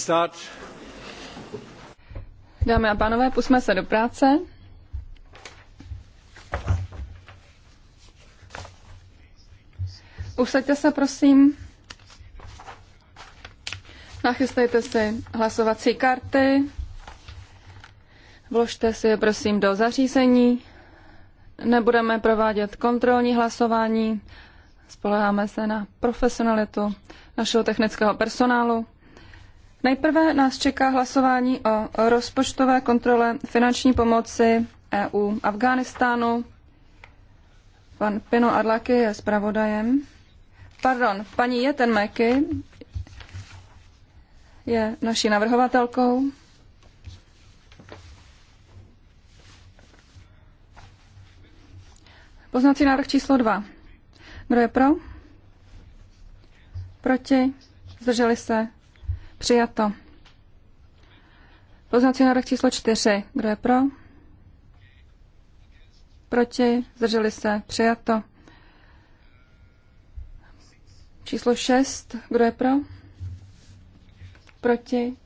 Start. Dámy a pánové, pusme se do práce. Usaďte se, prosím. Nachystejte si hlasovací karty. Vložte si je, prosím, do zařízení. Nebudeme provádět kontrolní hlasování. Spoleháme se na profesionalitu našeho technického personálu. Nejprve nás čeká hlasování o rozpočtové kontrole finanční pomoci EU Afghánistánu. Pan Pino Adlaki je zpravodajem. Pardon, paní Jetenmeky je naší navrhovatelkou. Poznací návrh číslo 2. Kdo je pro? Proti? Zdrželi se? Přijato. Poznací návrh číslo 4. Kdo je pro? Proti? Zdrželi se? Přijato. Číslo 6. Kdo je pro? Proti?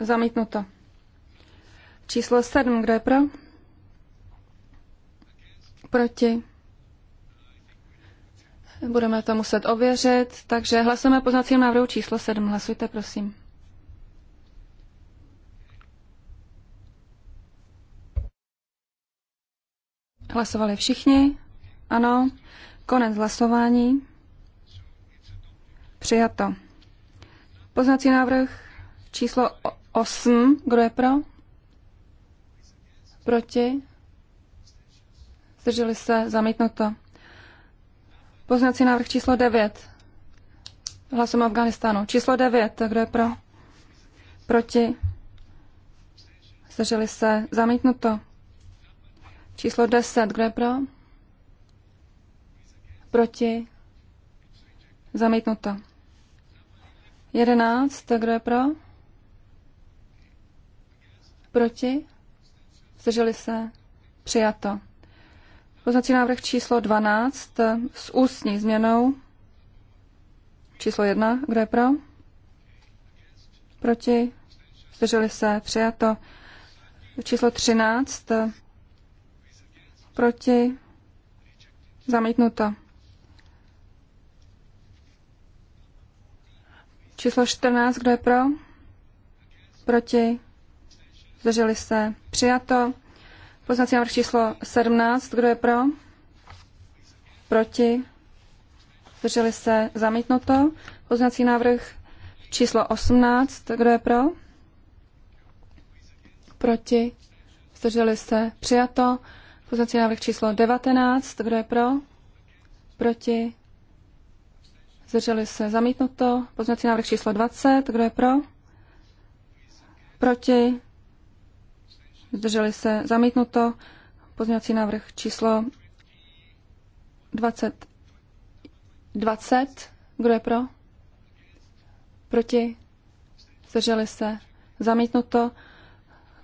Zamítnuto. Číslo 7. Kdo je pro? Proti? Budeme to muset ověřit, takže hlasujeme poznacím návrhu číslo 7. Hlasujte, prosím. Hlasovali všichni? Ano. Konec hlasování. Přijato. Poznací návrh číslo 8. Kdo je pro? Proti? Zdrželi se? Zamítnuto. Poznací návrh číslo 9. Hlasem Afganistánu. Číslo 9. Kdo je pro? Proti? Zdrželi se. Zamítnuto. Číslo 10. Kdo je pro? Proti? Zamítnuto. 11. Kdo je pro? Proti? Zdrželi se. Přijato. Poznací návrh číslo 12 eh, s ústní změnou. Číslo 1, kdo je pro? Proti? Zdrželi se? Přijato. Číslo 13. Eh, proti? Zamítnuto. Číslo 14, kdo je pro? Proti? Zdrželi se? Přijato. Poznací návrh číslo 17. Kdo je pro? Proti? Zdrželi se? Zamítnuto. Poznací návrh číslo 18. Kdo je pro? Proti? Zdrželi se? Přijato. Poznací návrh číslo 19. Kdo je pro? Proti? Zdrželi se? Zamítnuto. Poznací návrh číslo 20. Kdo je pro? Proti? zdrželi se, zamítnuto. Pozměňovací návrh číslo 20. 20. Kdo je pro? Proti? Zdrželi se? Zamítnuto.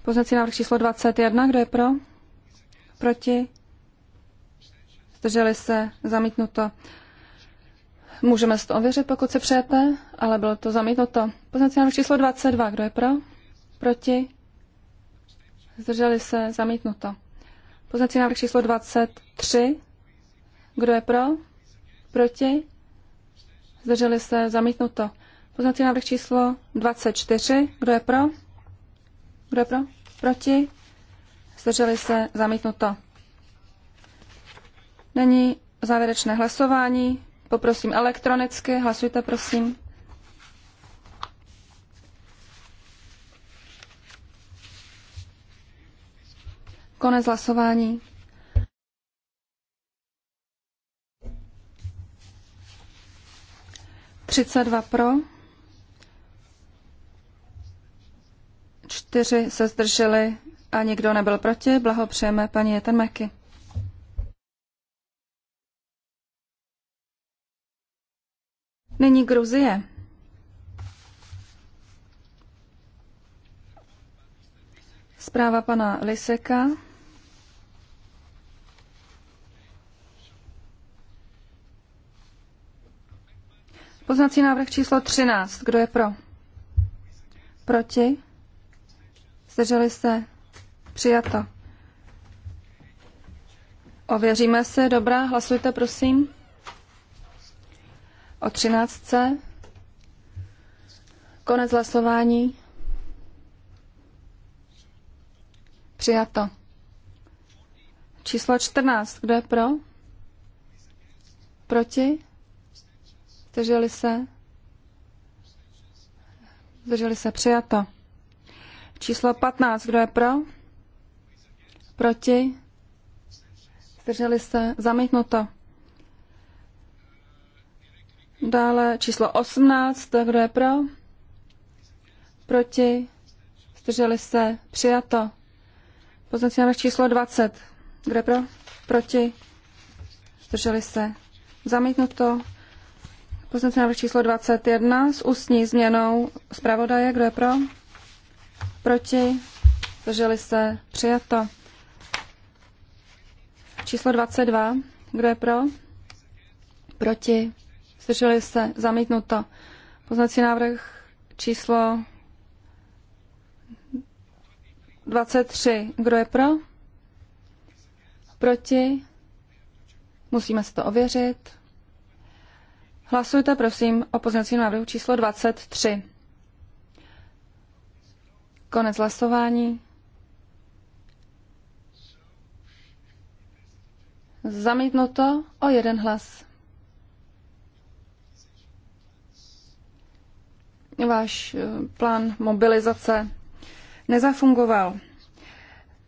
Poznací návrh číslo 21. Kdo je pro? Proti? Zdrželi se? Zamítnuto. Můžeme si to ověřit, pokud se přejete, ale bylo to zamítnuto. Poznací návrh číslo 22. Kdo je pro? Proti? Zdrželi se? Zamítnuto. Poznací návrh číslo 23. Kdo je pro? Proti? Zdrželi se? Zamítnuto. Poznací návrh číslo 24. Kdo je pro? Kdo je pro? Proti? Zdrželi se? Zamítnuto. Není závěrečné hlasování. Poprosím elektronicky. Hlasujte, prosím. Konec hlasování. Třicet dva pro. Čtyři se zdrželi a nikdo nebyl proti. Blahopřejeme paní Jetenmeky. Nyní Gruzie. Zpráva pana Liseka. Poznací návrh číslo 13. Kdo je pro? Proti? Zdrželi se? Přijato. Ověříme se, dobrá, hlasujte prosím. O 13. Konec hlasování. Přijato. Číslo 14. Kdo je pro? Proti? Zdrželi se? Zdrželi se. Přijato. Číslo 15. Kdo je pro? Proti? Zdrželi se? Zamítnuto. Dále číslo 18. Kdo je pro? Proti? Zdrželi se? Přijato. Poznací návrh číslo 20. Kdo je pro? Proti? Zdrželi se? Zamítnuto. Poznací návrh číslo 21 s ústní změnou zpravodaje. Kdo je pro? Proti? Zdrželi se? Přijato. Číslo 22. Kdo je pro? Proti? Zdrželi se? Zamítnuto. Poznací návrh číslo 23. Kdo je pro? Proti? Musíme si to ověřit. Hlasujte prosím o pozměňovacím návrhu číslo 23. Konec hlasování. Zamítnuto o jeden hlas. Váš eh, plán mobilizace nezafungoval.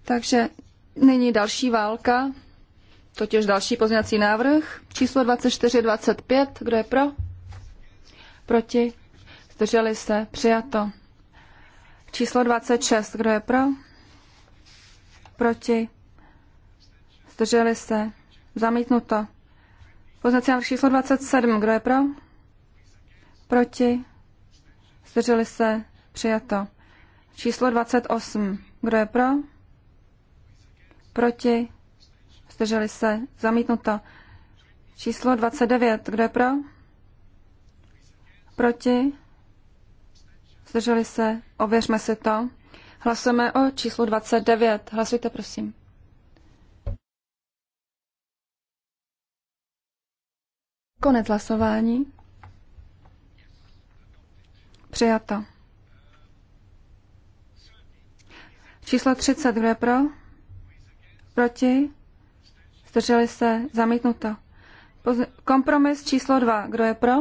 Takže není další válka totiž další pozměňovací návrh, číslo 2425, kdo je pro? Proti? Zdrželi se? Přijato. Číslo 26, kdo je pro? Proti? Zdrželi se? Zamítnuto. Poznací návrh číslo 27, kdo je pro? Proti? Zdrželi se? Přijato. Číslo 28, kdo je pro? Proti? Zdrželi se? Zamítnuto. Číslo 29. Kdo je pro? Proti? Zdrželi se? Ověřme si to. Hlasujeme o číslu 29. Hlasujte, prosím. Konec hlasování. Přijato. Číslo 30. Kdo je pro? Proti? Zdrželi se? Zamítnuto. Kompromis číslo dva, Kdo je pro?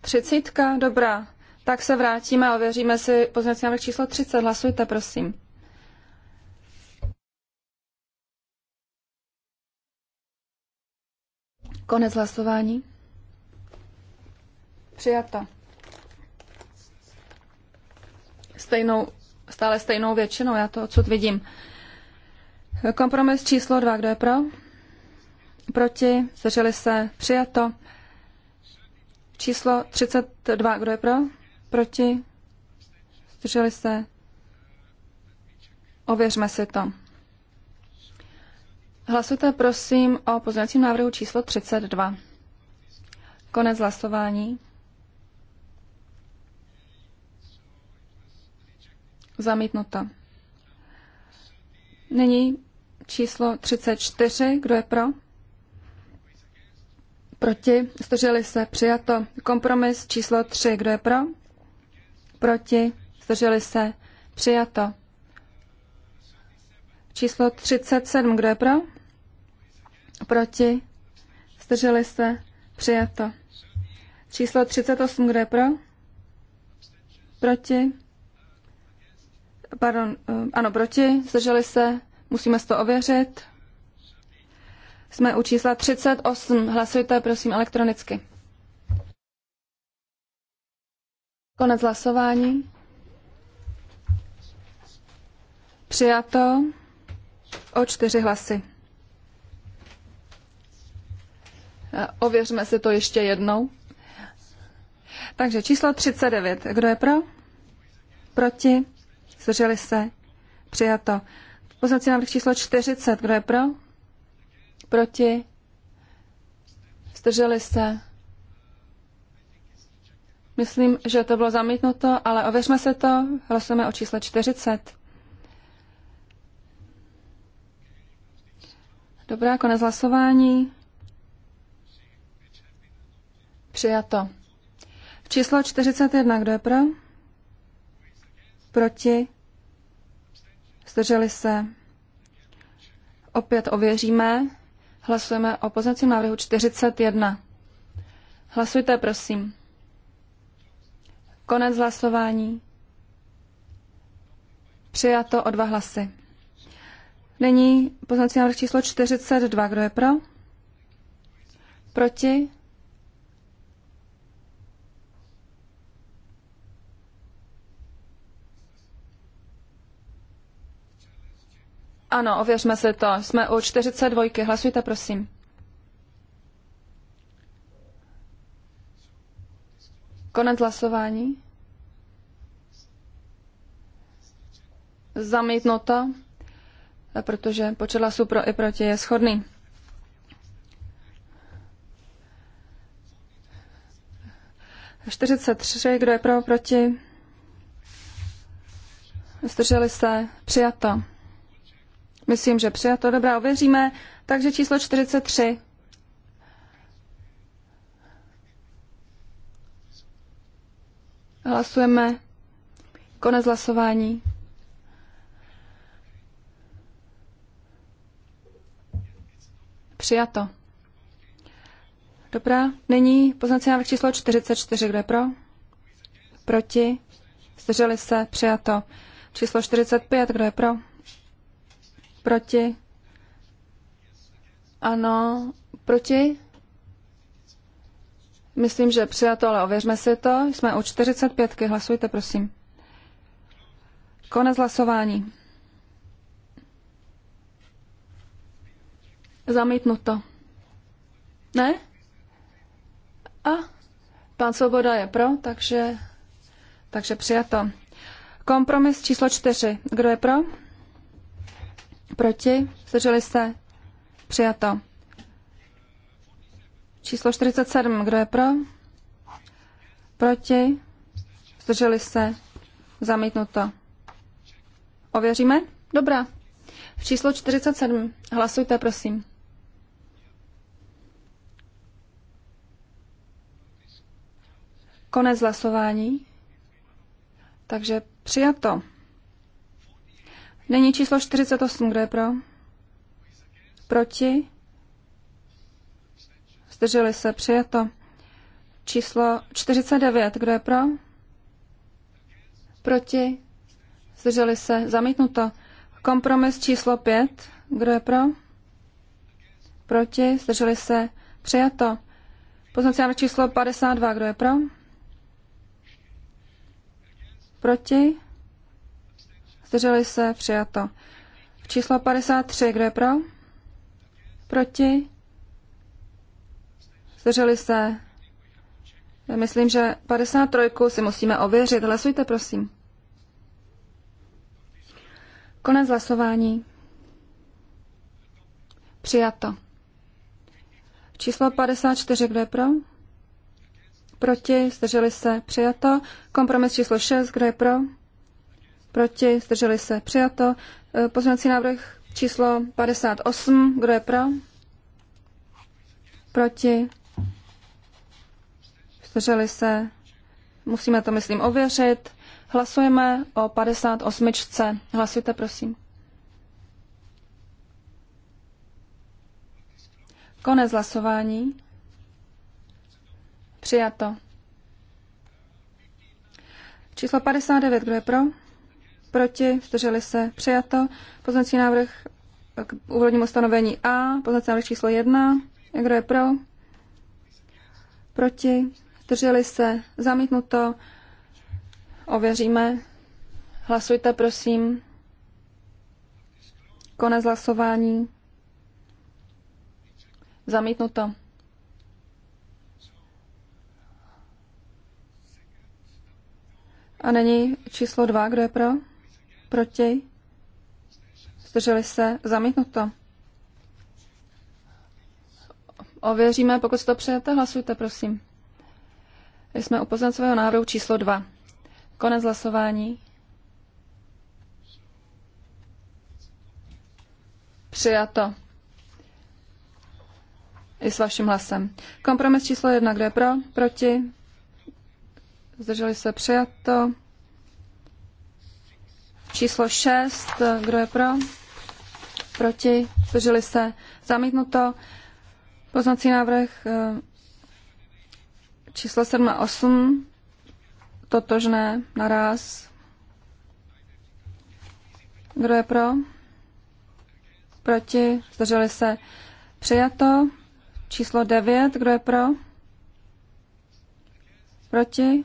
Třicítka, dobrá. Tak se vrátíme a ověříme si pozměňovací návrh číslo 30. Hlasujte, prosím. Konec hlasování. Přijato. Stejnou, stále stejnou většinou, já to odsud vidím. Kompromis číslo dva, kdo je pro? Proti? Zdrželi se? Přijato. Číslo 32, kdo je pro? Proti? Zdrželi se? Ověřme si to. Hlasujte prosím o pozměňovacím návrhu číslo 32. Konec hlasování. Zamítnuto. Nyní číslo 34. Kdo je pro? Proti? Zdrželi se? Přijato. Kompromis číslo 3. Kdo je pro? Proti? Zdrželi se? Přijato. Číslo 37. Kdo je pro? Proti? Zdrželi se? Přijato. Číslo 38. Kdo je pro? Proti? Pardon, eh, ano, proti. Zdrželi se? Musíme to ověřit. Jsme u čísla 38. Hlasujte prosím elektronicky. Konec hlasování. Přijato o čtyři hlasy. Eh, ověřme si to ještě jednou. Takže číslo 39. Kdo je pro? Proti? Zdrželi se? Přijato. Poznací návrh číslo 40. Kdo je pro? Proti? Zdrželi se? Myslím, že to bylo zamítnuto, ale ověřme se to. Hlasujeme o čísle 40. Dobrá, konec hlasování. Přijato. Číslo 41, kdo je pro? Proti? zdrželi se, opět ověříme. Hlasujeme o pozicím návrhu 41. Hlasujte, prosím. Konec hlasování. Přijato o dva hlasy. Nyní poznací návrh číslo 42. Kdo je pro? Proti? Ano, ověřme si to. Jsme u 42. Hlasujte, prosím. Konec hlasování. Zamítnuto, protože počet hlasů pro i proti je shodný. Čtyřicet tři, kdo je pro, proti? Zdrželi se, přijato. Myslím, že přijato. Dobrá, ověříme. Takže číslo 43. Hlasujeme. Konec hlasování. Přijato. Dobrá, nyní poznací návrh číslo 44. Kdo je pro? Proti? Zdrželi se? Přijato. Číslo 45. Kdo je pro? Proti? Ano. Proti? Myslím, že přijato, ale ověřme si to. Jsme u 45. Hlasujte, prosím. Konec hlasování. Zamítnuto. Ne? A pan Svoboda je pro, takže, takže přijato. Kompromis číslo čtyři. Kdo je pro? Proti? Zdrželi se? Přijato. Číslo 47. Kdo je pro? Proti? Zdrželi se? Zamítnuto. Ověříme? Dobrá. V číslo 47. Hlasujte, prosím. Konec hlasování. Takže přijato. Není číslo 48, kdo je pro? Proti? Zdrželi se, přijato. Číslo 49, kdo je pro? Proti? Zdrželi se, zamítnuto. Kompromis číslo 5, kdo je pro? Proti? Zdrželi se, přijato. Poznací číslo 52, kdo je pro? Proti? Zdrželi se? Přijato. Číslo 53. Kdo je pro? Proti? Zdrželi se? Já Myslím, že 53 si musíme ověřit. Hlasujte, prosím. Konec hlasování. Přijato. Číslo 54, kdo je pro? Proti, zdrželi se, přijato. Kompromis číslo 6, kdo je pro? Proti? Zdrželi se? Přijato. E, pozměňovací návrh číslo 58. Kdo je pro? Proti? Zdrželi se? Musíme to, myslím, ověřit. Hlasujeme o 58. Hlasujte, prosím. Konec hlasování. Přijato. Číslo 59, kdo je pro? proti, zdrželi se, přijato. Poznací návrh k úvodnímu stanovení A, poznací návrh číslo 1, kdo je pro, proti, zdrželi se, zamítnuto, ověříme. Hlasujte, prosím. Konec hlasování. Zamítnuto. A není číslo dva, kdo je pro? proti, zdrželi se, zamítnuto. Ověříme, pokud si to přejete, hlasujte, prosím. Jsme u poznacového návrhu číslo 2. Konec hlasování. Přijato. I s vaším hlasem. Kompromis číslo 1, Kdo je pro, proti, zdrželi se, přijato. Číslo 6, kdo je pro? Proti? Zdrželi se? Zamítnuto. Poznací návrh eh, číslo 7 a 8, totožné, naraz. Kdo je pro? Proti? Zdrželi se? Přijato. Číslo 9, kdo je pro? Proti?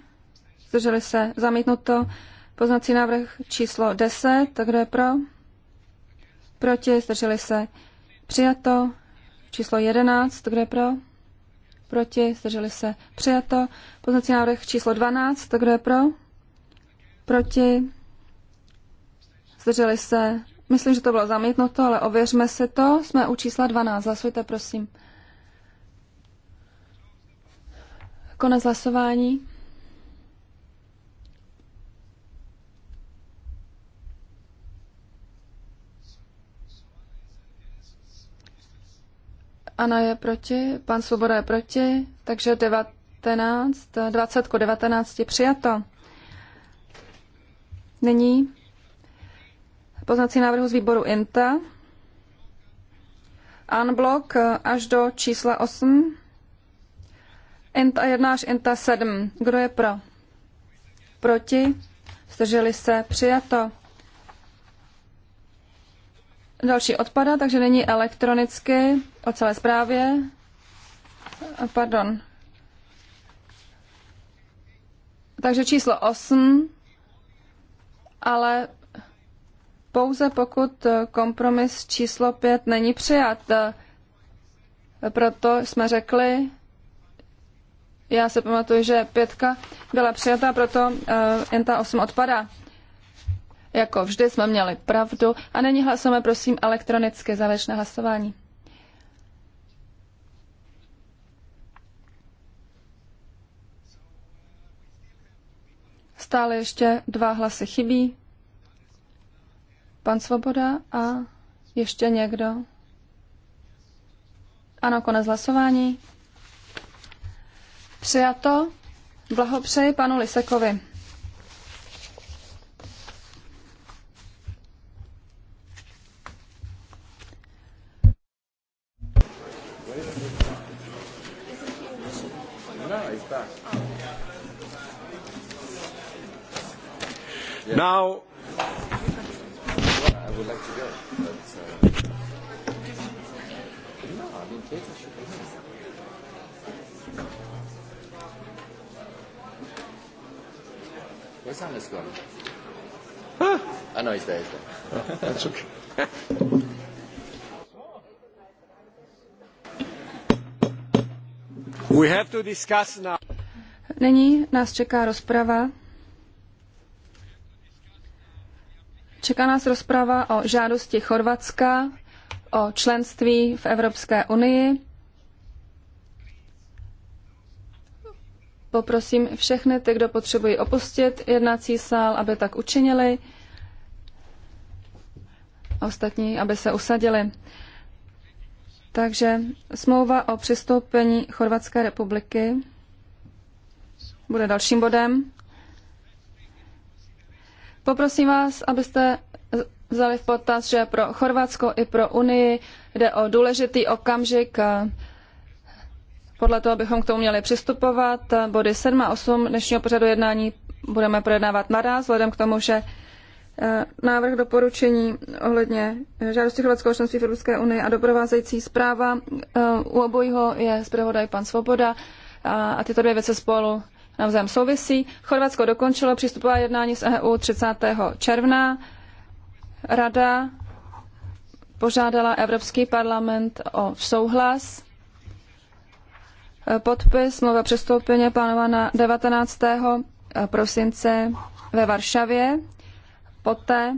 Zdrželi se? Zamítnuto. Poznací návrh číslo 10. Kdo je pro? Proti? Zdrželi se? Přijato. Číslo 11. Kdo je pro? Proti? Zdrželi se? Přijato. Poznací návrh číslo 12. Kdo je pro? Proti? Zdrželi se? Myslím, že to bylo zamítnuto, ale ověřme si to. Jsme u čísla 12. Hlasujte, prosím. Konec hlasování. Ana je proti, pan Svoboda je proti, takže 19, 20 k 19 je přijato. Nyní poznací návrhu z výboru INTA. Unblock až do čísla 8. INTA 1 až INTA 7. Kdo je pro? Proti? Zdrželi se? Přijato. Další odpada, takže není elektronicky o celé zprávě. Pardon. Takže číslo 8, ale pouze pokud kompromis číslo 5 není přijat. Proto jsme řekli, já se pamatuju, že pětka byla přijata, proto uh, jen ta 8 odpadá. Jako vždy jsme měli pravdu a není hlasujeme prosím elektronicky závěrečné hlasování. Stále ještě dva hlasy chybí. Pan Svoboda a ještě někdo. Ano, konec hlasování. Přijato. Blahopřeji panu Lisekovi. Now, I would like to go. But, uh, no, I mean, Peter should be here. Where's gone? Huh? I know he's there. He's there. Oh, that's okay. We have to discuss now. Nyní nás čeká rozprava Čeká nás rozprava o žádosti Chorvatska o členství v Evropské unii. Poprosím všechny ty, kdo potřebují opustit jednací sál, aby tak učinili. A ostatní, aby se usadili. Takže smlouva o přistoupení Chorvatské republiky bude dalším bodem. Poprosím vás, abyste vzali v potaz, že pro Chorvatsko i pro Unii jde o důležitý okamžik. Eh, podle toho bychom k tomu měli přistupovat. Body 7 a 8 dnešního pořadu jednání budeme projednávat naraz, vzhledem k tomu, že eh, návrh doporučení ohledně žádosti Chorvatského členství v Evropské unii a doprovázející zpráva. Eh, u obojího je zpravodaj pan Svoboda a tyto dvě věci spolu navzájem souvisí. Chorvatsko dokončilo přístupová jednání s EU 30. června. Rada požádala Evropský parlament o souhlas. Podpis smlouva přestoupení plánovaná 19. prosince ve Varšavě. Poté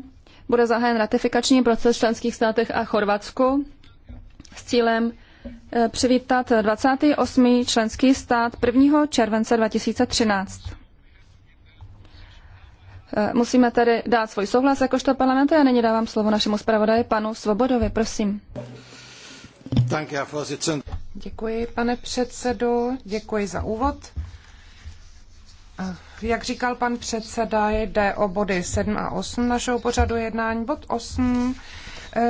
bude zahájen ratifikační proces v členských státech a Chorvatsku s cílem Eh, přivítat 28. členský stát 1. července 2013. Eh, musíme tedy dát svůj souhlas jakožto parlamentu Já nyní dávám slovo našemu zpravodaji panu Svobodovi, prosím. Děkuji, pane předsedo, děkuji za úvod. Eh, jak říkal pan předseda, jde o body 7 a 8 našeho pořadu jednání. Bod 8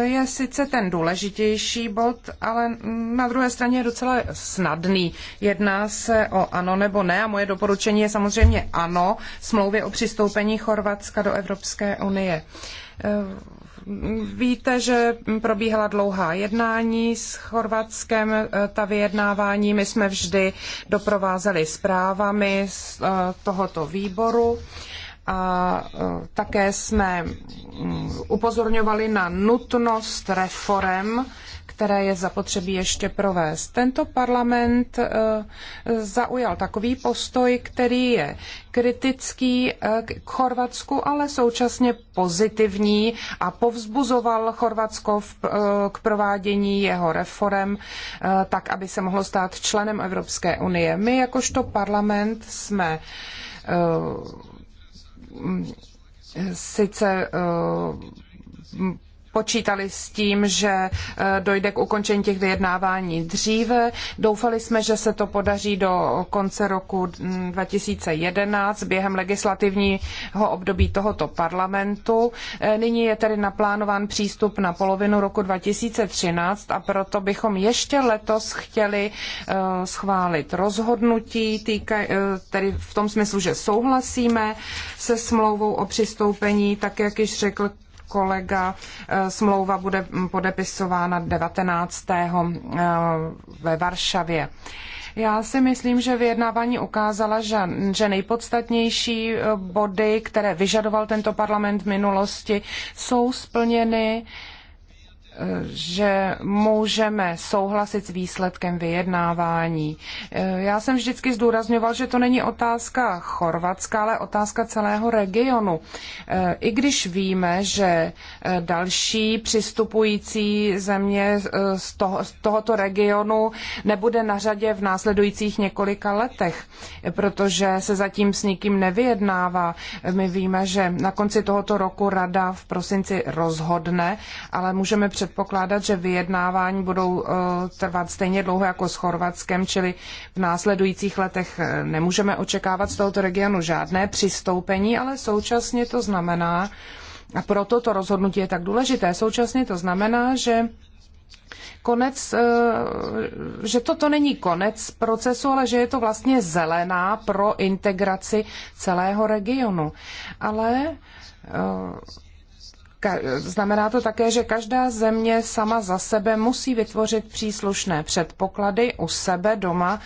je sice ten důležitější bod, ale na druhé straně je docela snadný. Jedná se o ano nebo ne a moje doporučení je samozřejmě ano smlouvě o přistoupení Chorvatska do Evropské unie. Víte, že probíhala dlouhá jednání s Chorvatskem, ta vyjednávání my jsme vždy doprovázeli zprávami z eh, tohoto výboru a e, také jsme mm, upozorňovali na nutnost reform, které je zapotřebí ještě provést. Tento parlament e, zaujal takový postoj, který je kritický e, k Chorvatsku, ale současně pozitivní a povzbuzoval Chorvatsko k provádění jeho reform tak, aby se mohlo stát členem Evropské unie. My jakožto parlament jsme sice eh, počítali s tím, že eh, dojde k ukončení těch vyjednávání dříve. Doufali jsme, že se to podaří do konce roku 2011 mm, během legislativního období tohoto parlamentu. Eh, nyní je tedy naplánován přístup na polovinu roku 2013 a proto bychom ještě letos chtěli eh, schválit rozhodnutí, týka, tedy v tom smyslu, že souhlasíme se smlouvou o přistoupení, tak jak již řekl kolega. Eh, smlouva bude podepisována 19. Eh, ve Varšavě. Já si myslím, že vyjednávání ukázala, že, že nejpodstatnější eh, body, které vyžadoval tento parlament v minulosti, jsou splněny. Uh, že můžeme souhlasit s výsledkem vyjednávání. Já jsem vždycky zdůrazňoval, že to není otázka Chorvatska, ale otázka celého regionu. I když víme, že další přistupující země z, toho, z tohoto regionu nebude na řadě v následujících několika letech, protože se zatím s nikým nevyjednává. My víme, že na konci tohoto roku rada v prosinci rozhodne, ale můžeme před předpokládat, že vyjednávání budou eh, trvat stejně dlouho jako s Chorvatskem, čili v následujících letech eh, nemůžeme očekávat z tohoto regionu žádné přistoupení, ale současně to znamená, a proto to rozhodnutí je tak důležité, současně to znamená, že konec, eh, že toto není konec procesu, ale že je to vlastně zelená pro integraci celého regionu. Ale Znamená to také, že každá země sama za sebe musí vytvořit příslušné předpoklady u sebe doma,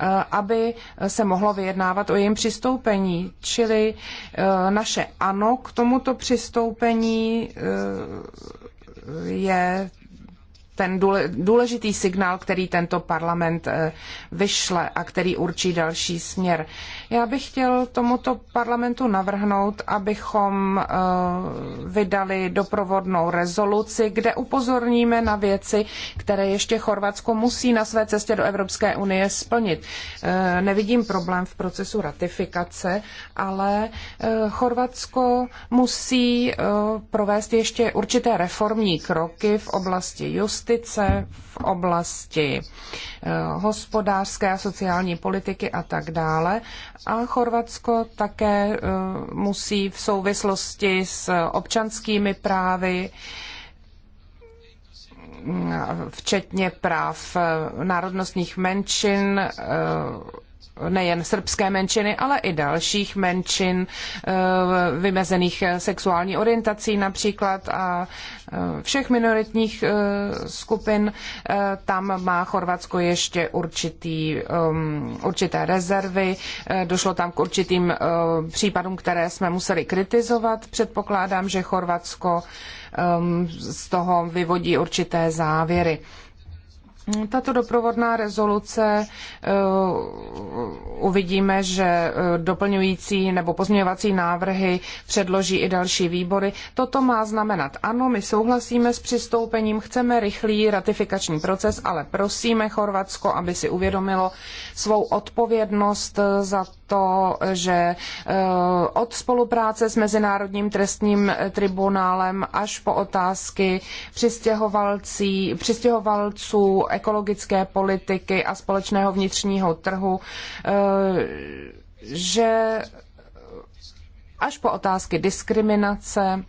eh, aby se mohlo vyjednávat o jejím přistoupení. Čili eh, naše ano k tomuto přistoupení eh, je ten důležitý signál, který tento parlament vyšle a který určí další směr. Já bych chtěl tomuto parlamentu navrhnout, abychom eh, vydali doprovodnou rezoluci, kde upozorníme na věci, které ještě Chorvatsko musí na své cestě do Evropské unie splnit. Eh, nevidím problém v procesu ratifikace, ale eh, Chorvatsko musí provést ještě určité reformní kroky v oblasti justice, v oblasti hospodářské a sociální politiky a tak dále a Chorvatsko také eh, musí v souvislosti s občanskými právy eh, včetně práv eh, národnostních menšin nejen srbské menšiny, ale i dalších menšin eh, vymezených eh, sexuální orientací například a eh, všech minoritních skupin. Tam má Chorvatsko ještě určitý, ehm, určité rezervy. Došlo tam k určitým případům, které jsme museli kritizovat. Předpokládám, že Chorvatsko ehm, z toho vyvodí určité závěry. Tato doprovodná rezoluce eh, uvidíme, že eh, doplňující nebo pozměňovací návrhy předloží i další výbory. Toto má znamenat, ano, my souhlasíme s přistoupením, chceme rychlý ratifikační proces, ale prosíme Chorvatsko, aby si uvědomilo svou odpovědnost eh, za to, že e, od spolupráce s Mezinárodním trestním tribunálem až po otázky přistěhovalců, ekologické politiky a společného vnitřního trhu, e, že až po otázky diskriminace,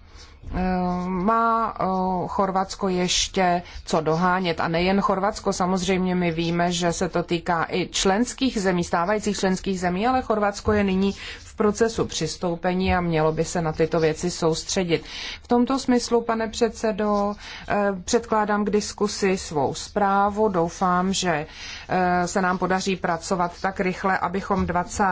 Eh, má eh, Chorvatsko ještě co dohánět. A nejen Chorvatsko, samozřejmě my víme, že se to týká i členských zemí, stávajících členských zemí, ale Chorvatsko je nyní v procesu přistoupení a mělo by se na tyto věci soustředit. V tomto smyslu, pane předsedo, eh, předkládám k diskusi svou zprávu. Doufám, že eh, se nám podaří pracovat tak rychle, abychom 20.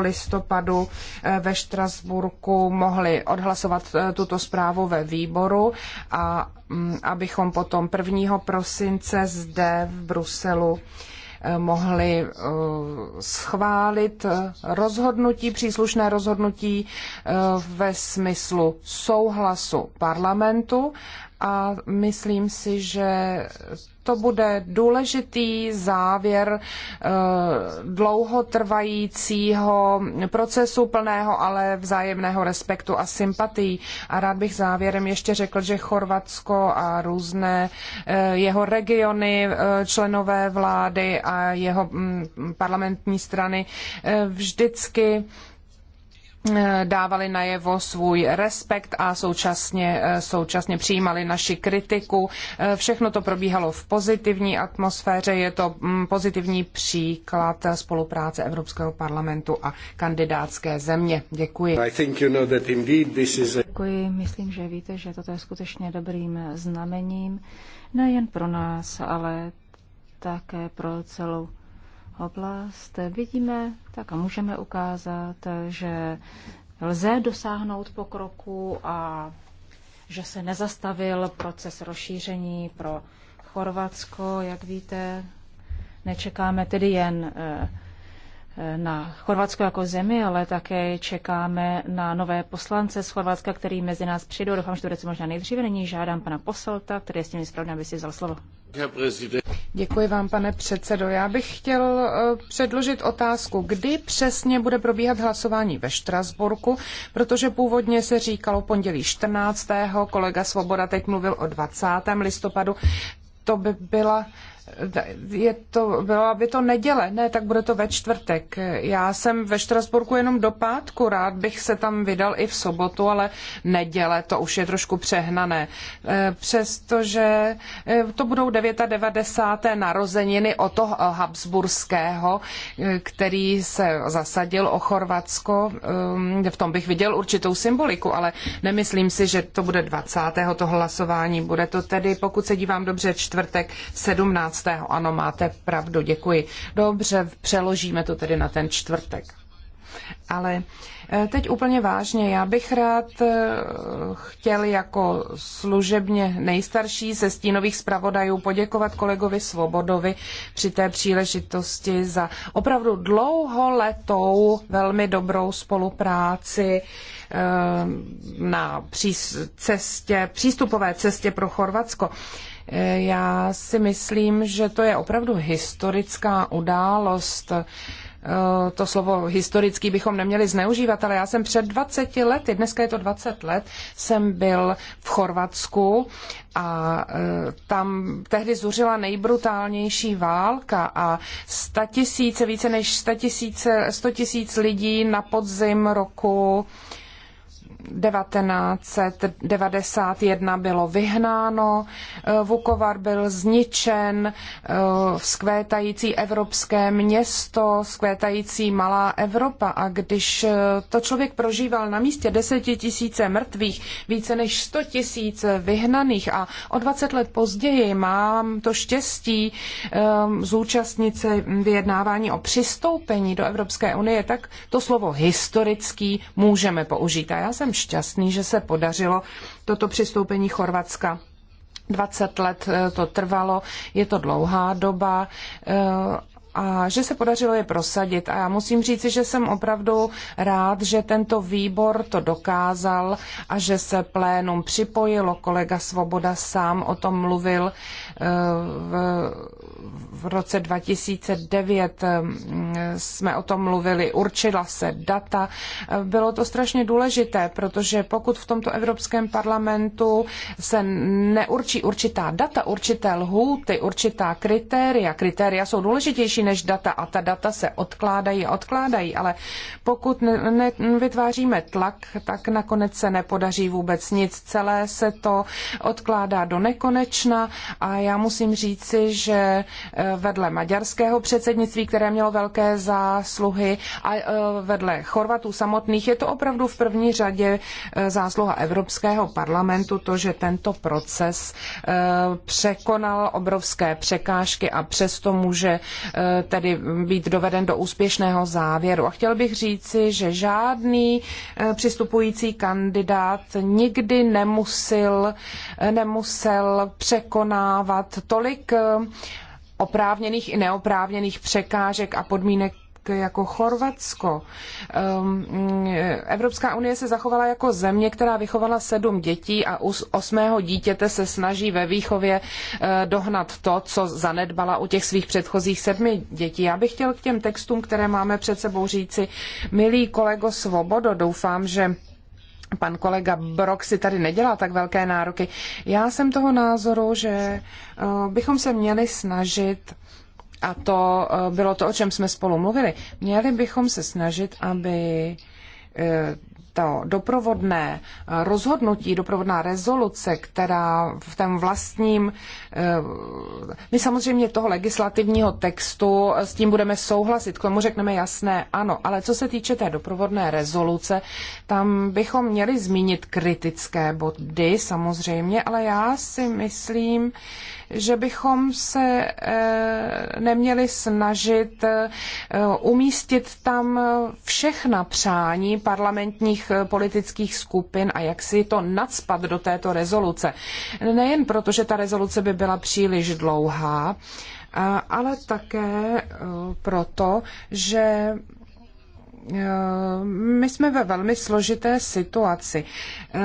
listopadu eh, ve Štrasburku mohli odhlasovat tuto zprávu ve výboru a mm, abychom potom 1. prosince zde v Bruselu mohli eh, schválit rozhodnutí, příslušné rozhodnutí eh, ve smyslu souhlasu parlamentu a myslím si, že to bude důležitý závěr eh, dlouhotrvajícího procesu plného, ale vzájemného respektu a sympatií. A rád bych závěrem ještě řekl, že Chorvatsko a různé eh, jeho regiony, eh, členové vlády a jeho mm, parlamentní strany vždycky dávali najevo svůj respekt a současně, eh, současně přijímali naši kritiku. Eh, všechno to probíhalo v pozitivní atmosféře. Je to mm, pozitivní příklad spolupráce Evropského parlamentu a kandidátské země. Děkuji. Děkuji. Myslím, že víte, že toto je skutečně dobrým znamením nejen pro nás, ale také pro celou oblast, vidíme tak a můžeme ukázat, že lze dosáhnout pokroku a že se nezastavil proces rozšíření pro Chorvatsko, jak víte. Nečekáme tedy jen eh, eh, na Chorvatsko jako zemi, ale také čekáme na nové poslance z Chorvatska, který mezi nás přijdou. Doufám, že to bude co možná nejdříve. Nyní žádám pana Poselta, který je s tím zpravdem, aby si vzal slovo. Děkuji vám, pane předsedo. Já bych chtěl eh, předložit otázku, kdy přesně bude probíhat hlasování ve Štrasburku, protože původně se říkalo pondělí 14. kolega Svoboda teď mluvil o 20. listopadu. To by byla je to, byla by to neděle, ne, tak bude to ve čtvrtek. Já jsem ve Štrasburku jenom do pátku, rád bych se tam vydal i v sobotu, ale neděle to už je trošku přehnané. E, přestože e, to budou 99. narozeniny toho Habsburského, e, který se zasadil o Chorvatsko, v tom bych viděl určitou symboliku, ale nemyslím si, že to bude 20. to hlasování. Bude to tedy, pokud se dívám dobře, čtvrtek 17 15. Ano, máte pravdu, děkuji. Dobře, přeložíme to tedy na ten čtvrtek. Ale eh, teď úplně vážně, já bych rád eh, chtěl jako služebně nejstarší ze stínových zpravodajů poděkovat kolegovi Svobodovi při té příležitosti za opravdu dlouholetou velmi dobrou spolupráci eh, na cestě, přístupové cestě pro Chorvatsko. Já si myslím, že to je opravdu historická událost. Eh, to slovo historický bychom neměli zneužívat, ale já jsem před 20 lety, dneska je to 20 let, jsem byl v Chorvatsku a eh, tam tehdy zuřila nejbrutálnější válka a sta tisíce, více než 100 tisíce, tisíc lidí na podzim roku 1991 bylo vyhnáno, eh, Vukovar byl zničen, eh, vzkvétající evropské město, vzkvétající malá Evropa. A když eh, to člověk prožíval na místě desetitisíce mrtvých, více než 100 tisíc vyhnaných a o 20 let později mám to štěstí ehm, zúčastnit se vyjednávání o přistoupení do Evropské unie, tak to slovo historický můžeme použít. A já jsem jsem šťastný, že se podařilo toto přistoupení Chorvatska 20 let eh, to trvalo, je to dlouhá doba eh, a že se podařilo je prosadit. A já musím říci, že jsem opravdu rád, že tento výbor to dokázal a že se plénum připojilo. Kolega Svoboda sám o tom mluvil v, v roce 2009 mm, jsme o tom mluvili, určila se data. Bylo to strašně důležité, protože pokud v tomto Evropském parlamentu se neurčí určitá data, určité lhůty, určitá kritéria, kritéria jsou důležitější než data a ta data se odkládají a odkládají, ale pokud nevytváříme tlak, tak nakonec se nepodaří vůbec nic. Celé se to odkládá do nekonečna a já já musím říci, že eh, vedle maďarského předsednictví, které mělo velké zásluhy, a eh, vedle Chorvatů samotných, je to opravdu v první řadě eh, zásluha Evropského parlamentu, to, že tento proces překonal obrovské překážky a přesto může tedy být doveden do úspěšného závěru. A chtěl bych říci, že žádný přistupující kandidát nikdy nemusel, nemusel překonávat překonat tolik eh, oprávněných i neoprávněných překážek a podmínek jako Chorvatsko. Ehm, mm, Evropská unie se zachovala jako země, která vychovala sedm dětí a u osmého dítěte se snaží ve výchově eh, dohnat to, co zanedbala u těch svých předchozích sedmi dětí. Já bych chtěl k těm textům, které máme před sebou říci, milý kolego Svobodo, doufám, že pan kolega Brok si tady nedělá tak velké nároky. Já jsem toho názoru, že eh, bychom se měli snažit, a to eh, bylo to, o čem jsme spolu mluvili, měli bychom se snažit, aby eh, to doprovodné eh, rozhodnutí, doprovodná rezoluce, která v tom vlastním, eh, my samozřejmě toho legislativního textu eh, s tím budeme souhlasit, k tomu řekneme jasné ano, ale co se týče té doprovodné rezoluce, tam bychom měli zmínit kritické body samozřejmě, ale já si myslím, že bychom se neměli snažit umístit tam všechna přání parlamentních různých eh, politických skupin a jak si to nadspat do této rezoluce. Nejen proto, že ta rezoluce by byla příliš dlouhá, eh, ale také eh, proto, že my jsme ve velmi složité situaci.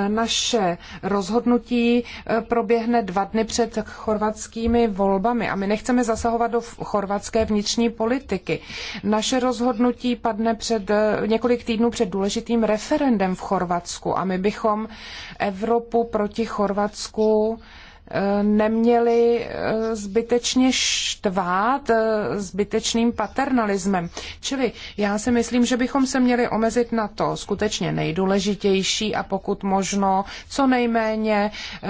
Naše rozhodnutí eh, proběhne dva dny před chorvatskými volbami a my nechceme zasahovat do chorvatské vnitřní politiky. Naše rozhodnutí padne před eh, několik týdnů před důležitým referendem v Chorvatsku a my bychom Evropu proti Chorvatsku neměli eh, zbytečně štvát eh, zbytečným paternalismem. Čili já si myslím, že bychom se měli omezit na to skutečně nejdůležitější a pokud možno co nejméně eh,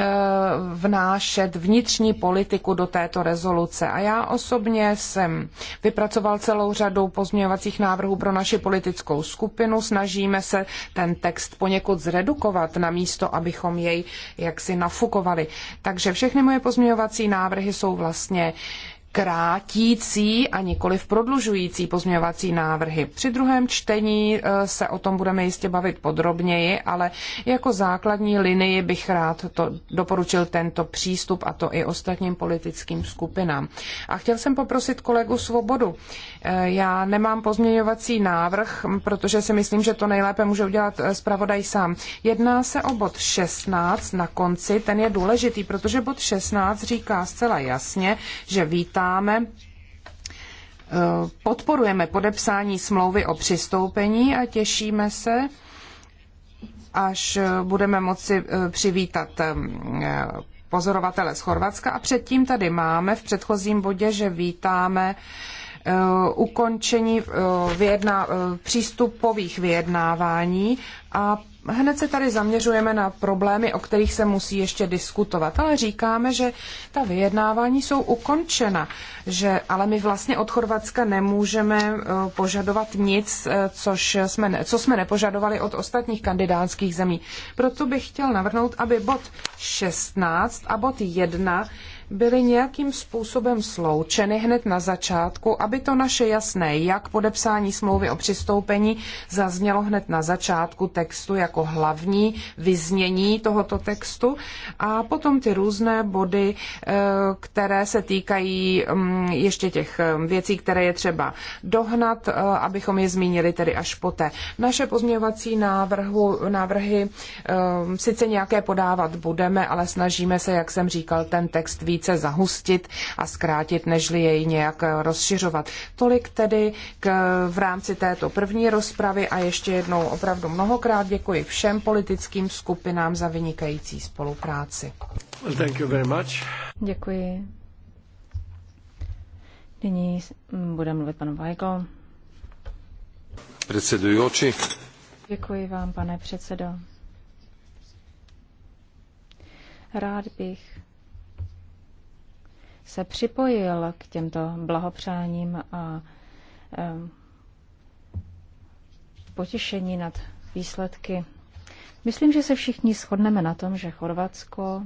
vnášet vnitřní politiku do této rezoluce. A já osobně jsem vypracoval celou řadu pozměňovacích návrhů pro naši politickou skupinu. Snažíme se ten text poněkud zredukovat na místo, abychom jej jaksi nafukovali. Takže takže všechny moje pozměňovací návrhy jsou vlastně krátící a nikoliv prodlužující pozměňovací návrhy. Při druhém čtení e, se o tom budeme jistě bavit podrobněji, ale jako základní linii bych rád to doporučil tento přístup a to i ostatním politickým skupinám. A chtěl jsem poprosit kolegu Svobodu. E, já nemám pozměňovací návrh, protože si myslím, že to nejlépe může udělat e, zpravodaj sám. Jedná se o bod 16 na konci, ten je důležitý, protože bod 16 říká zcela jasně, že vítá vítáme e, podporujeme podepsání smlouvy o přistoupení a těšíme se, až budeme moci e, přivítat e, pozorovatele z Chorvatska. A předtím tady máme v předchozím bodě, že vítáme ukončení vyjedna, přístupových vyjednávání a Hned se tady zaměřujeme na problémy, o kterých se musí ještě diskutovat, ale říkáme, že ta vyjednávání jsou ukončena, že, ale my vlastně od Chorvatska nemůžeme eh, požadovat nic, eh, což jsme, co jsme nepožadovali od ostatních kandidátských zemí. Proto bych chtěl navrhnout, aby bod 16 a bod 1 byly nějakým způsobem sloučeny hned na začátku, aby to naše jasné, jak podepsání smlouvy o přistoupení zaznělo hned na začátku textu jako hlavní vyznění tohoto textu a potom ty různé body, eh, které se týkají mm, ještě těch eh, věcí, které je třeba dohnat, eh, abychom je zmínili tedy až poté. Naše pozměňovací návrhu, návrhy sice nějaké podávat budeme, ale snažíme se, jak jsem říkal, ten text víc více zahustit a zkrátit, nežli jej nějak rozšiřovat. Tolik tedy k, v rámci této první rozpravy a ještě jednou opravdu mnohokrát děkuji všem politickým skupinám za vynikající spolupráci. Thank you very much. Děkuji. Nyní bude mluvit pan Předseduji Předsedující. Děkuji vám, pane předsedo. Rád bych se připojil k těmto blahopřáním a potěšení nad výsledky. Myslím, že se všichni shodneme na tom, že Chorvatsko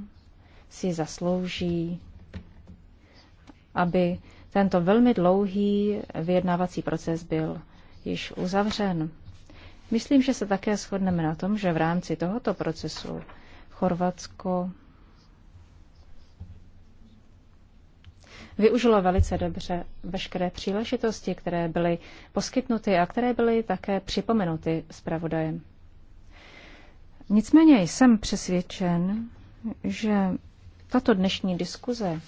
si zaslouží, aby tento velmi dlouhý vyjednávací proces byl již uzavřen. Myslím, že se také shodneme na tom, že v rámci tohoto procesu Chorvatsko využilo velice dobře veškeré příležitosti, které byly poskytnuty a které byly také připomenuty zpravodajem. Nicméně jsem přesvědčen, že tato dnešní diskuze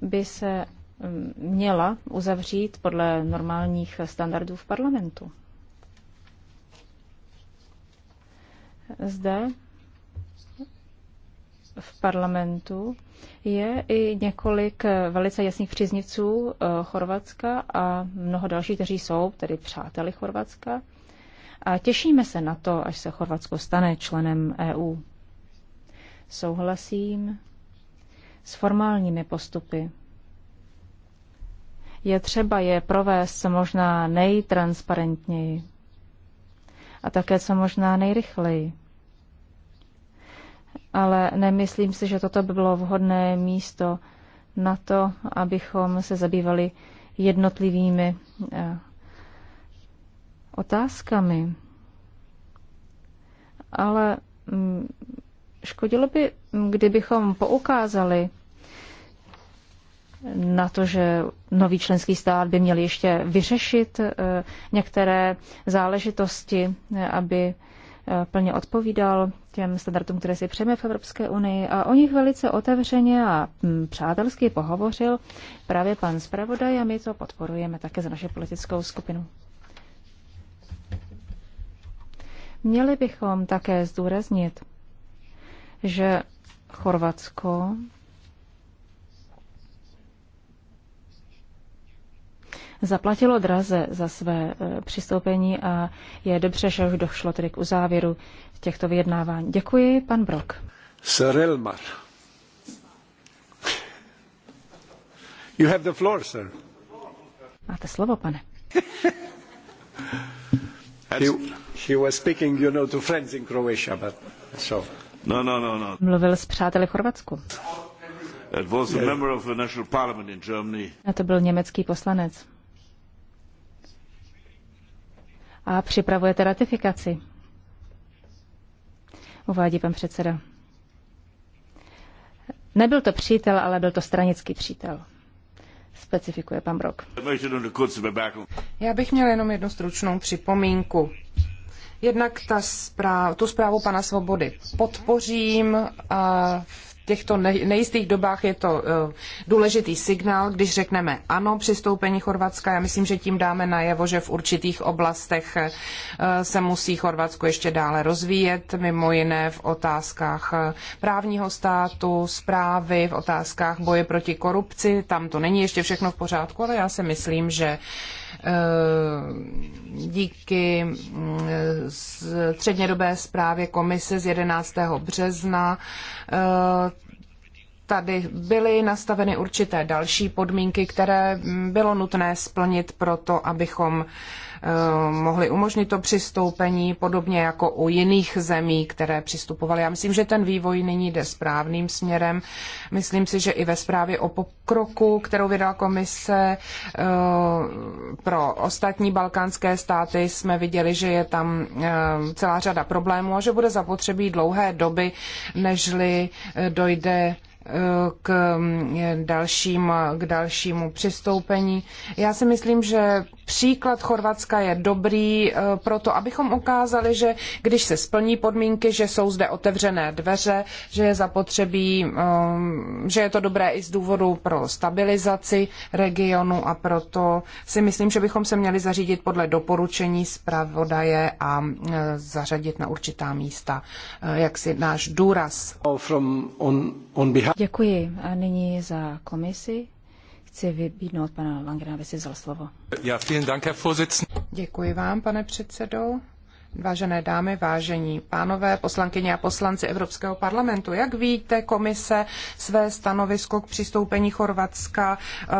by se mm, měla uzavřít podle normálních standardů v parlamentu. Zde v parlamentu je i několik velice jasných příznivců eh, Chorvatska a mnoho dalších, kteří jsou tedy přáteli Chorvatska. A těšíme se na to, až se Chorvatsko stane členem EU. Souhlasím s formálními postupy. Je třeba je provést co možná nejtransparentněji a také co možná nejrychleji ale nemyslím si, že toto by bylo vhodné místo na to, abychom se zabývali jednotlivými eh, otázkami. Ale mm, škodilo by, kdybychom poukázali na to, že nový členský stát by měl ještě vyřešit eh, některé záležitosti, eh, aby Eh, plně odpovídal těm standardům, které si přejeme v Evropské unii a o nich velice otevřeně a hm, přátelsky pohovořil právě pan zpravodaj a my to podporujeme také za naše politickou skupinu. Měli bychom také zdůraznit, že Chorvatsko zaplatilo draze za své eh, přistoupení a je dobře, že už došlo tedy k uzávěru těchto vyjednávání. Děkuji, pan Brok. Sir Elmar. You have the floor, sir. Máte slovo, pane. he, was speaking, you know, to friends in Croatia, but so. No, no, no, no. Mluvil s přáteli v Chorvatsku. That was a member of the national parliament in Germany. A to byl německý poslanec. a připravujete ratifikaci. Uvádí pan předseda. Nebyl to přítel, ale byl to stranický přítel. Specifikuje pan Brok. Já bych měl jenom jednu stručnou připomínku. Jednak ta zpráv, tu zprávu pana Svobody podpořím a v těchto nejistých dobách je to eh, důležitý signál, když řekneme ano přistoupení Chorvatska. Já myslím, že tím dáme najevo, že v určitých oblastech eh, se musí Chorvatsko ještě dále rozvíjet, mimo jiné v otázkách eh, právního státu, správy, v otázkách boje proti korupci. Tam to není ještě všechno v pořádku, ale já si myslím, že Eh, díky mm, střednědobé zprávě komise z 11. března eh, tady byly nastaveny určité další podmínky, které bylo nutné splnit pro to, abychom eh, mohli umožnit to přistoupení, podobně jako u jiných zemí, které přistupovaly. Já myslím, že ten vývoj nyní jde správným směrem. Myslím si, že i ve zprávě o pokroku, kterou vydala komise eh, pro ostatní balkánské státy, jsme viděli, že je tam eh, celá řada problémů a že bude zapotřebí dlouhé doby, nežli dojde k, dalším, k dalšímu přistoupení. Já si myslím, že příklad Chorvatska je dobrý eh, proto, abychom ukázali, že když se splní podmínky, že jsou zde otevřené dveře, že je zapotřebí, eh, že je to dobré i z důvodu pro stabilizaci regionu a proto si myslím, že bychom se měli zařídit podle doporučení zpravodaje a eh, zařadit na určitá místa, jak si náš důraz. On, on behalf... Děkuji. A nyní za komisi chci vybídnout pana Langera, aby si vzal slovo. Ja, vielen Dank, Herr Děkuji vám, pane předsedo. Vážené dámy, vážení pánové, poslankyně a poslanci Evropského parlamentu, jak víte, komise své stanovisko k přistoupení Chorvatska eh,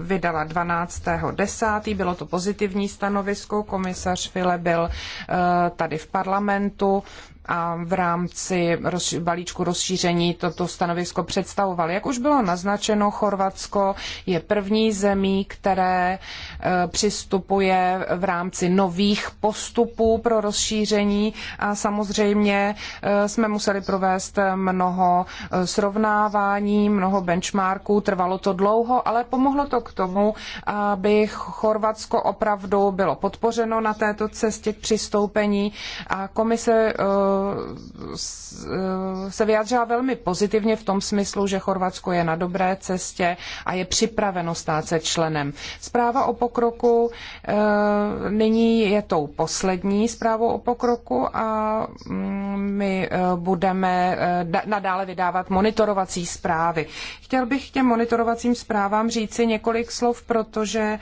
vydala 12.10. Bylo to pozitivní stanovisko, komisař File byl eh, tady v parlamentu a v rámci balíčku rozšíření toto stanovisko představoval. Jak už bylo naznačeno, Chorvatsko je první zemí, které e, přistupuje v rámci nových postupů pro rozšíření a samozřejmě e, jsme museli provést mnoho e, srovnávání, mnoho benchmarků, trvalo to dlouho, ale pomohlo to k tomu, aby Chorvatsko opravdu bylo podpořeno na této cestě k přistoupení a komise Eh, se vyjádřila velmi pozitivně v tom smyslu, že Chorvatsko je na dobré cestě a je připraveno stát se členem. Zpráva o pokroku eh, nyní je tou poslední zprávou o pokroku a mm, my eh, budeme nadále vydávat monitorovací zprávy. Chtěl bych k těm monitorovacím zprávám říci několik slov, protože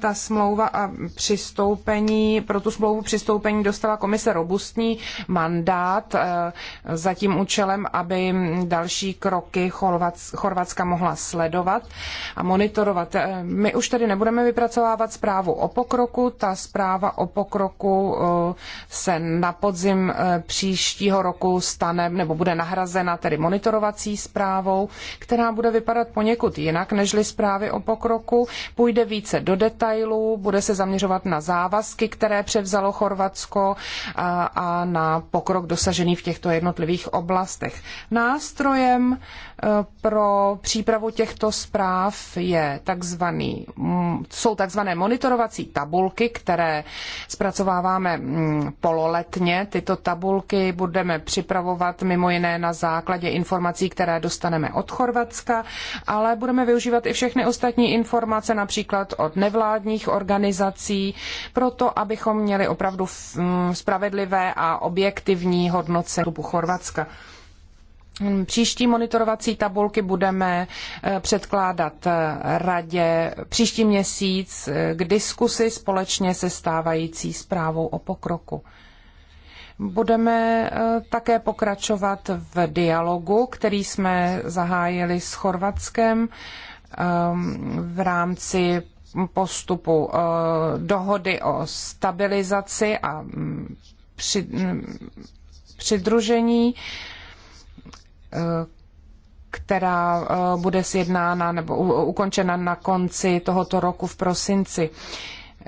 ta smlouva a přistoupení, pro tu smlouvu přistoupení dostala komise robustní mandát mandát eh, za tím účelem, aby další kroky Chorvatska mohla sledovat a monitorovat. Eh, my už tedy nebudeme vypracovávat zprávu o pokroku. Ta zpráva o pokroku eh, se na podzim příštího roku stane nebo bude nahrazena tedy monitorovací zprávou, která bude vypadat poněkud jinak nežli zprávy o pokroku. Půjde více do detailů, bude se zaměřovat na závazky, které převzalo Chorvatsko a, na pokrok pokrok dosažený v těchto jednotlivých oblastech. Nástrojem eh, pro přípravu těchto zpráv je takzvaný, mm, jsou takzvané monitorovací tabulky, které zpracováváme mm, pololetně. Tyto tabulky budeme připravovat mimo jiné na základě informací, které dostaneme od Chorvatska, ale budeme využívat i všechny ostatní informace, například od nevládních organizací, proto abychom měli opravdu mm, spravedlivé a objektivní negativní hodnoce klubu Chorvatska. Příští monitorovací tabulky budeme eh, předkládat eh, radě příští měsíc eh, k diskusi společně se stávající zprávou o pokroku. Budeme také pokračovat v dialogu, který jsme zahájili s Chorvatskem ehm, v rámci postupu dohody o stabilizaci a mm, při, mm, přidružení, e, která e, bude sjednána nebo ukončena na konci tohoto roku v prosinci.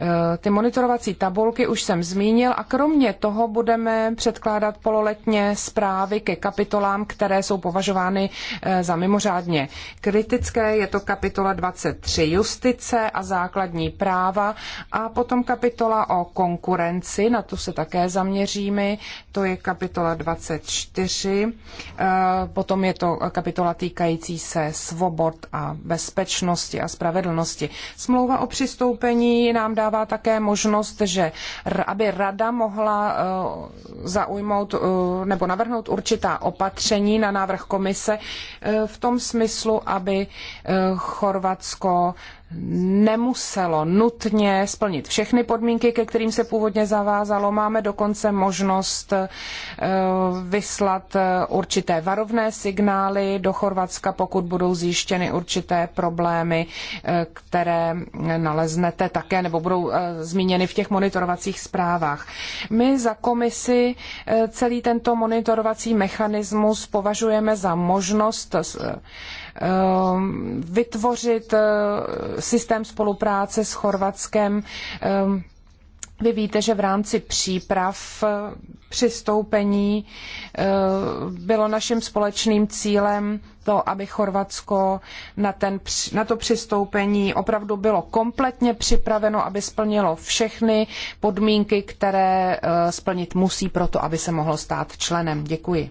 Eh, ty monitorovací tabulky už jsem zmínil a kromě toho budeme předkládat pololetně zprávy ke kapitolám, které jsou považovány eh, za mimořádně kritické. Je to kapitola 23 justice a základní práva a potom kapitola o konkurenci, na tu se také zaměříme, to je kapitola 24, eh, potom je to kapitola týkající se svobod a bezpečnosti a spravedlnosti. Smlouva o přistoupení nám dá dává také možnost, že aby rada mohla eh, zaujmout eh, nebo navrhnout určitá opatření na návrh komise eh, v tom smyslu, aby Chorvatsko nemuselo nutně splnit všechny podmínky, ke kterým se původně zavázalo. Máme dokonce možnost eh, vyslat eh, určité varovné signály do Chorvatska, pokud budou zjištěny určité problémy, eh, které naleznete také nebo budou zmíněny v těch monitorovacích zprávách. My za komisi celý tento monitorovací mechanismus považujeme za možnost Ehm, vytvořit eh, systém spolupráce s Chorvatskem. Ehm, vy víte, že v rámci příprav eh, přistoupení eh, bylo naším společným cílem to, aby Chorvatsko na, ten, na to přistoupení opravdu bylo kompletně připraveno, aby splnilo všechny podmínky, které splnit musí pro to, aby se mohlo stát členem. Děkuji.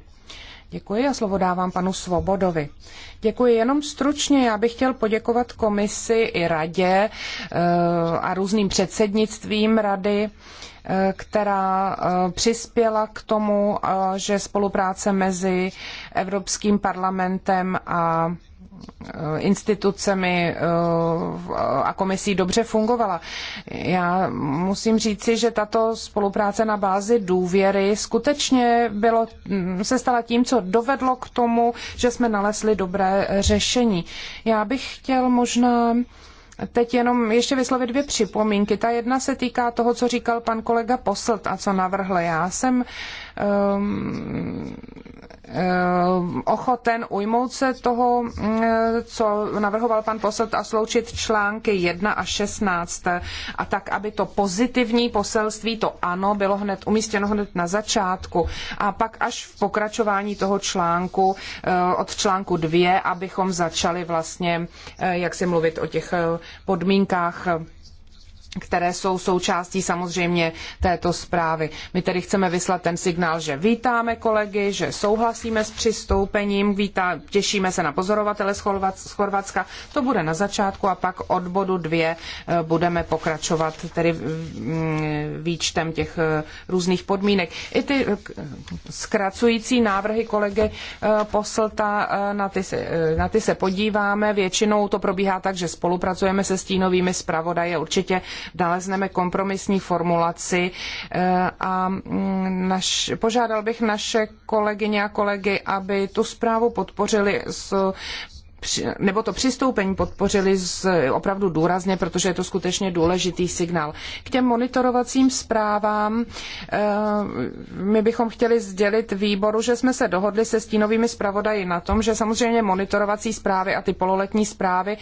Děkuji a slovo dávám panu Svobodovi. Děkuji jenom stručně. Já bych chtěl poděkovat komisi i radě eh, a různým předsednictvím rady eh, která eh, přispěla k tomu, že spolupráce mezi Evropským parlamentem a Eh, institucemi eh, a komisí dobře fungovala. Já musím říci, že tato spolupráce na bázi důvěry skutečně bylo, mm, se stala tím, co dovedlo k tomu, že jsme nalesli dobré řešení. Já bych chtěl možná Teď jenom ještě vyslovit dvě připomínky. Ta jedna se týká toho, co říkal pan kolega Poslt a co navrhl. Já jsem um, Eh, ochoten ujmout se toho, mm, co navrhoval pan posel a sloučit články 1 a 16 a tak, aby to pozitivní poselství, to ano, bylo hned umístěno hned na začátku a pak až v pokračování toho článku eh, od článku 2, abychom začali vlastně eh, jak si mluvit o těch podmínkách které jsou součástí samozřejmě této zprávy. My tedy chceme vyslat ten signál, že vítáme kolegy, že souhlasíme s přistoupením, vítá, těšíme se na pozorovatele z Chorvatska. To bude na začátku a pak od bodu dvě eh, budeme pokračovat tedy mm, výčtem těch eh, různých podmínek. I ty eh, zkracující návrhy kolegy Poslta, na ty, se, na ty se podíváme. Většinou to probíhá tak, že spolupracujeme se stínovými zpravodaje určitě nalezneme kompromisní formulaci eh, a mm, naš, požádal bych naše kolegyně a kolegy, aby tu zprávu podpořili s nebo to přistoupení podpořili z, opravdu důrazně, protože je to skutečně důležitý signál. K těm monitorovacím zprávám eh, my bychom chtěli sdělit výboru, že jsme se dohodli se stínovými zpravodaji na tom, že samozřejmě monitorovací zprávy a ty pololetní zprávy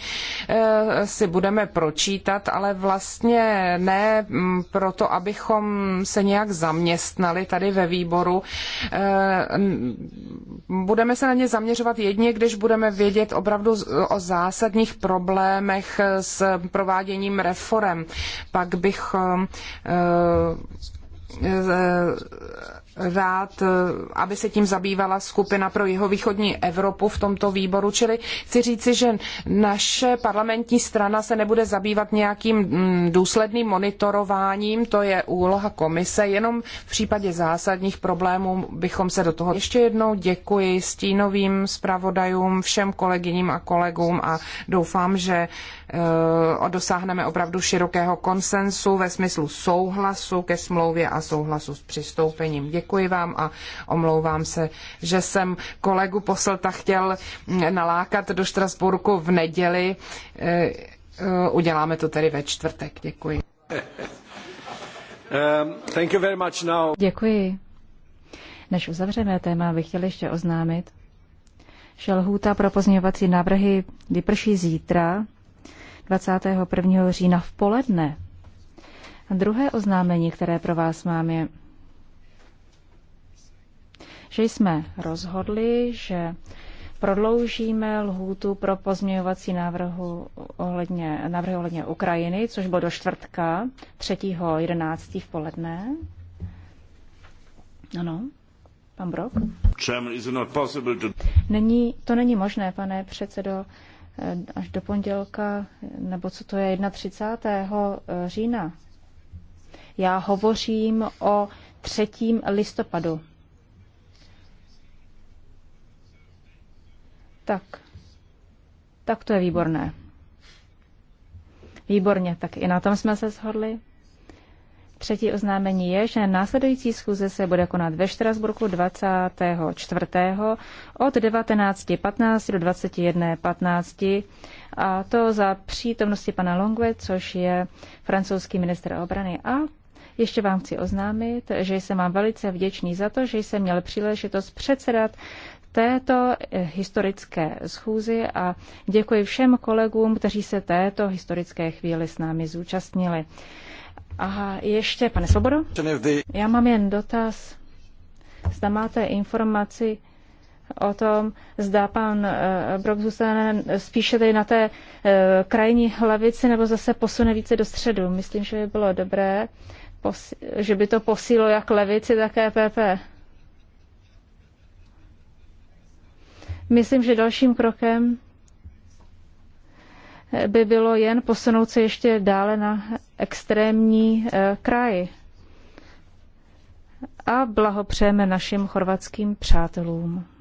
eh, si budeme pročítat, ale vlastně ne mm, proto, abychom se nějak zaměstnali tady ve výboru. Eh, budeme se na ně zaměřovat jedně, když budeme vědět o opravdu o zásadních problémech s prováděním reform. Pak bych eh, eh, rád, eh, aby se tím zabývala skupina pro jihovýchodní Evropu v tomto výboru, čili chci říci, že naše parlamentní strana se nebude zabývat nějakým mm, důsledným monitorováním, to je úloha komise, jenom v případě zásadních problémů bychom se do toho ještě jednou děkuji stínovým zpravodajům, všem kolegyním a kolegům a doufám, že Eh, dosáhneme opravdu širokého konsensu ve smyslu souhlasu ke smlouvě a souhlasu s přistoupením. Děkuji vám a omlouvám se, že jsem kolegu Poslta chtěl mm, nalákat do Štrasburku v neděli. Eh, eh, uděláme to tedy ve čtvrtek. Děkuji. Um, Děkuji. Než uzavřeme téma, bych chtěl ještě oznámit, že lhůta pro pozměňovací návrhy vyprší zítra 21. října v poledne. A druhé oznámení, které pro vás mám, je, že jsme rozhodli, že prodloužíme lhůtu pro pozměňovací návrhu ohledně, návrhy ohledně Ukrajiny, což bylo do čtvrtka 3.11. v poledne. Ano, pan Brok. Není, to není možné, pane předsedo až do pondělka, nebo co to je, 31. října. Já hovořím o 3. listopadu. Tak, tak to je výborné. Výborně, tak i na tom jsme se shodli. Třetí oznámení je, že následující schůze se bude konat ve Štrasburku 24. od 19.15 do 21.15 a to za přítomnosti pana Longue, což je francouzský minister obrany. A ještě vám chci oznámit, že jsem vám velice vděčný za to, že jsem měl příležitost předsedat této eh, historické schůzi a děkuji všem kolegům, kteří se této historické chvíli s námi zúčastnili. Aha, ještě, pane Svobodo? Já mám jen dotaz. Zda máte informaci o tom, zda pan eh, Brok zůstane spíše tady na té eh, krajní levici nebo zase posune více do středu. Myslím, že by bylo dobré, že by to posílo jak levici, tak EPP. Myslím, že dalším krokem by bylo jen posunout se ještě dále na extrémní eh, kraji. A blahopřejeme našim chorvatským přátelům.